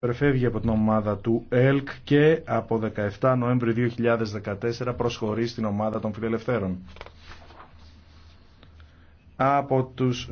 Περφεύγει από την ομάδα του ΕΛΚ και από 17 Νοέμβρη 2014 προσχωρεί στην ομάδα των φιλελευθέρων. Από τους